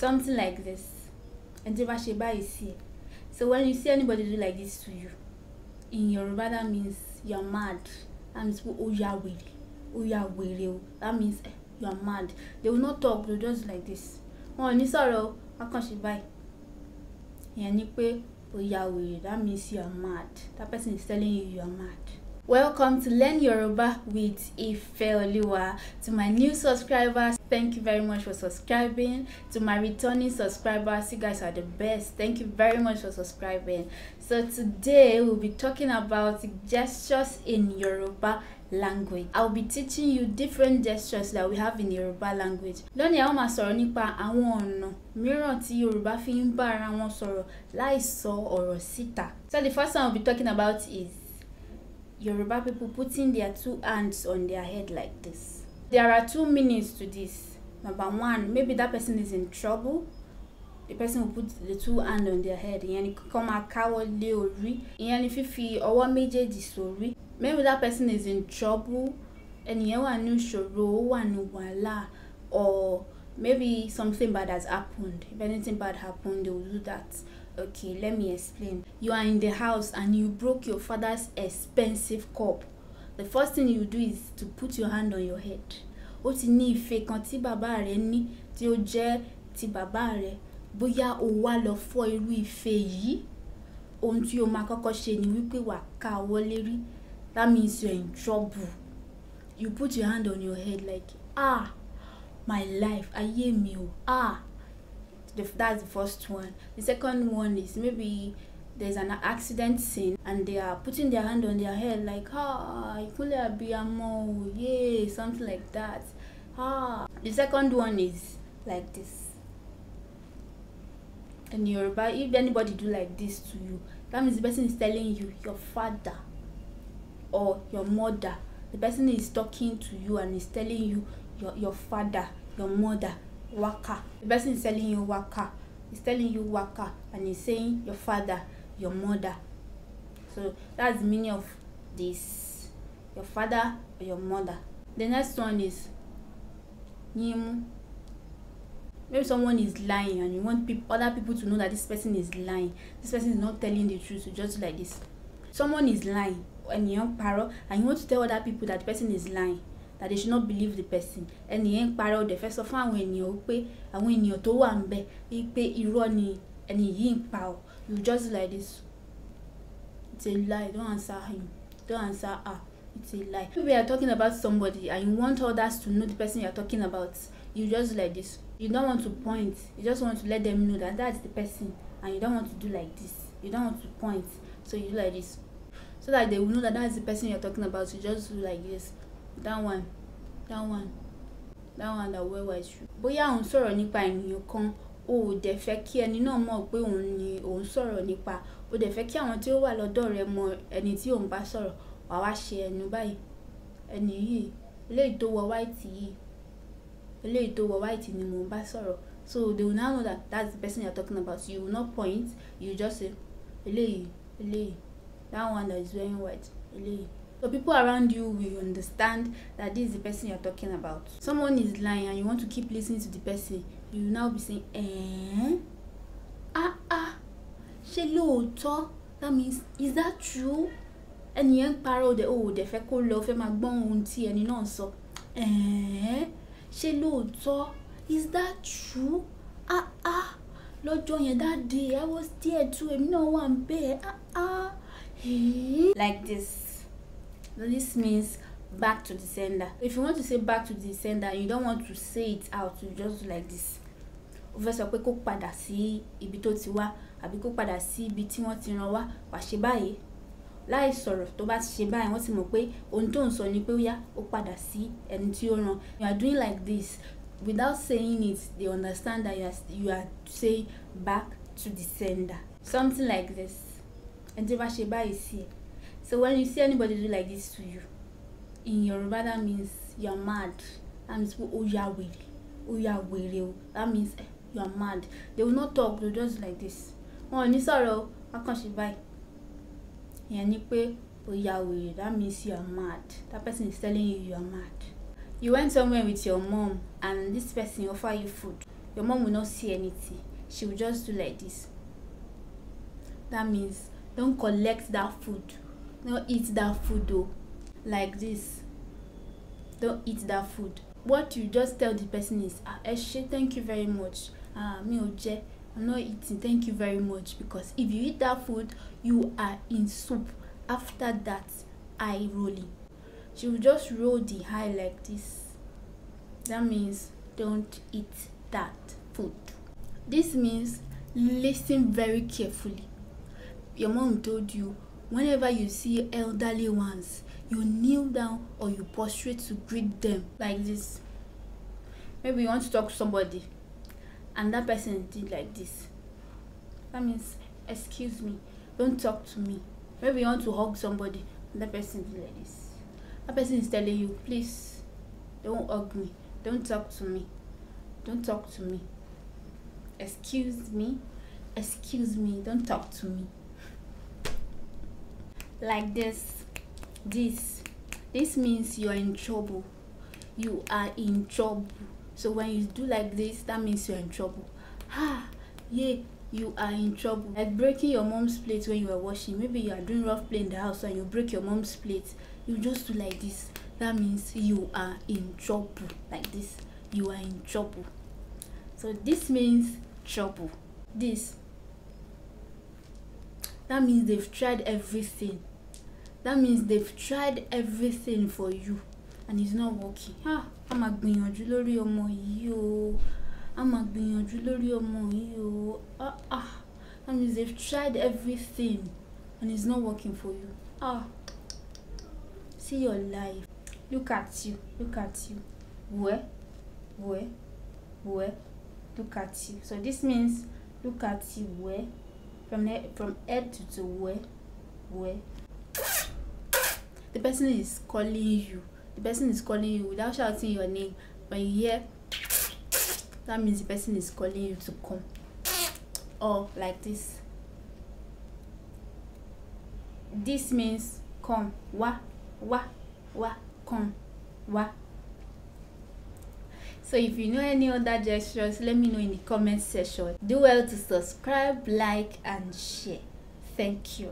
something like this and tí ó bá ṣe báyìí so when you see anybody do like this to you in Yoruba that means you are mad that means pé ó ya wèrè ó ya wèrè o that means eh, you are mad they will not talk they will just like this wọn ò ní sọ̀rọ̀ o wọn kàn ṣe báyìí ìyẹn ni pé ó ya wèrè that means you are mad that person is telling you you are mad. Welcome to Learn Yoruba with Ifeoluwa. To my new subscribers, thank you very much for subscribing. To my returning subscribers, you guys are the best. Thank you very much for subscribing. So today we'll be talking about gestures in Yoruba language. I'll be teaching you different gestures that we have in Yoruba language. Lónìí a ó máa sọ̀rọ̀ nípa àwọn ọ̀nà mìíràn tí Yorùbá fi ń bá ara wọn sọ̀rọ̀ láì sọ ọ̀rọ̀ síta. So the first one we'll be talking about is Yoruba people putting their two hands on their head like this. There are two meanings to this. Number one, maybe that person is in trouble. The person will put the two hands on their head. Ìyẹn ni kọ́ máa káwọ́ and orí. Ìyẹn feel fífi ọwọ́ major sórí. Maybe that person is in trouble. and you want ìṣòro, ó wà ní wàhálà or maybe something bad has happened. If anything bad happened, they will do that. Okay, let me explain. You are in the house and you broke your father's expensive cup. The first thing you do is to put your hand on your head. Ó ti ní ife kan tí bàbá rẹ̀ ní tí ó jẹ́ ti bàbá rẹ̀. Bóyá o wá lọ fọ́ irú ife yìí. Ohun tí o máa kọ́kọ́ ṣe ni wípé wà ká ọwọ́ lérí. That means you're in trouble. You put your hand on your head like ah my life ayé mi o ah the, that's the first one the second one is maybe there's an accident scene and they are putting their hand on their head like ah could be a abiyamo yeah, something like that ah the second one is like this And you're about if anybody do like this to you that means the person is telling you your father or your mother the person is talking to you and is telling you your your father your mother waka. The person is telling you waka. He's telling you waka and he's saying your father, your mother. So that's the meaning of this. Your father or your mother. The next one is nyimu. Maybe someone is lying and you want people, other people to know that this person is lying. This person is not telling the truth, so just like this. Someone is lying and you're paro, and you want to tell other people that the person is lying that they should not believe the person ẹni yẹn ń parẹ́ ọ̀dẹ̀ fẹ́ sọ fún àwọn ènìyàn pé àwọn ènìyàn tó wà ń bẹ̀ pé irọ́ ni ẹni yìí ń pa ọ́ you just like this it's a lie don't answer him don't answer her it's a lie if you are talking about somebody and you want others to know the person you are talking about you just like this you don't want to point you just want to let them know that that's the person and you don't want to do like this you don't want to point so you do like this so that they will know that that's the person you are talking about you just do like this that one that one that one that wear white shoe. bóyá òun sọ̀rọ̀ nípa ènìyàn kan o ò dẹ̀ fẹ́ kí ẹni náà mọ̀ pé òun ni òun sọ̀rọ̀ nípa o dẹ̀ fẹ́ kí àwọn tí ó wà lọ́dọ̀ rẹ mọ ẹni tí òun bá sọ̀rọ̀ wà wá ṣe ẹnu báyìí ẹni yìí eléyìí tó wọ white yìí eléyìí tó wọ white ni mò ń bá sọ̀rọ̀ so they will now know that that's the person you're talking about you will not point you just say eléyìí eléyìí that one that is wearing white eléyìí So people around you will understand that this is the person you're talking about. Someone is lying and you want to keep listening to the person, you will now be saying, eh? Ah ah, ṣé lóòótọ́? That means, is that true? Ẹni yẹn ń parọ́ òde òwò dẹ̀ fẹ́ kó lọ fẹ́ máa gbọ́n ohun tí ẹni náà sọ. Eh? Ṣé lóòótọ́? Is that true? Ah ah, lọ́jọ́ yẹn that day I was there too, èmi náà wà ń bẹ́ẹ̀. Ah ah, hey. Like this. This means back to the sender. If you want to say back to the sender you don't want to say it out, you just like this. O fẹ́ sọ pé kó padà sí ibi tó ti wá àbí kó padà sí ibi tí wọ́n ti rán wá wá ṣe báyìí. Láì sọ̀rọ̀ tó bá ṣe báyìí wọ́n ti mọ̀ pé ohun tó ń sọ ni pé yá ó padà sí ẹni tí ó rán. You are doing like this without saying it they understand that you are, you are saying back to the sender. Something like this. Ẹni tí wọ́n bá ṣe báyìí sí ẹ̀. So when you see anybody do like this to you, in Yoruba that means you're mad. That means oya oh, oh, wèrè, oya oh, wèrè That means eh, you're mad. They will not talk. They'll just like this. Oh, ò ní sọ̀rọ̀ o. Wọ́n kàn ṣe báyìí. oya wèrè. That means you're mad. That person is telling you you're mad. You went somewhere with your mom and this person offer you food. Your mom will not see anything. She will just do like this. That means don't collect that food Don't eat that food o like this don't eat that food what you just tell the person is ah ẹ thank you very much ah mi ò jẹ i'm not eating thank you very much because if you eat that food you are in soup after that eye rolling she will just roll the eye like this that means don't eat that food this means listen very carefully your mom told you whenever you see elderly ones you kneel down or you prostrate to greet them like this maybe you want to talk to somebody and that person did like this that means excuse me don't talk to me maybe you want to hug somebody and that person did like this that person is telling you please don't hug me don't talk to me don't talk to me excuse me excuse me don't talk to me like this this this means you're in trouble you are in trouble so when you do like this that means you're in trouble ah yeah you are in trouble like breaking your mom's plate when you were washing maybe you are doing rough play in the house and you break your mom's plate you just do like this that means you are in trouble like this you are in trouble so this means trouble this that means they've tried everything that means they've tried everything for you and it's not working ah a máa gbìyànjú lórí ọmọ yìí o a máa gbìyànjú lórí ọmọ yìí o ah ah that means they've tried everything and it's not working for you ah see your life look at you look at you wẹ wẹ wẹ look at you so this means look at you wẹ from head from head to toe wẹ wẹ the person is calling you the person is calling you without shouting your name when you hear that means the person is calling you to come or like this this means come wa wa wa come wa. so if you know any other gestures let me know in the comment section do well to subscribe like and share thank you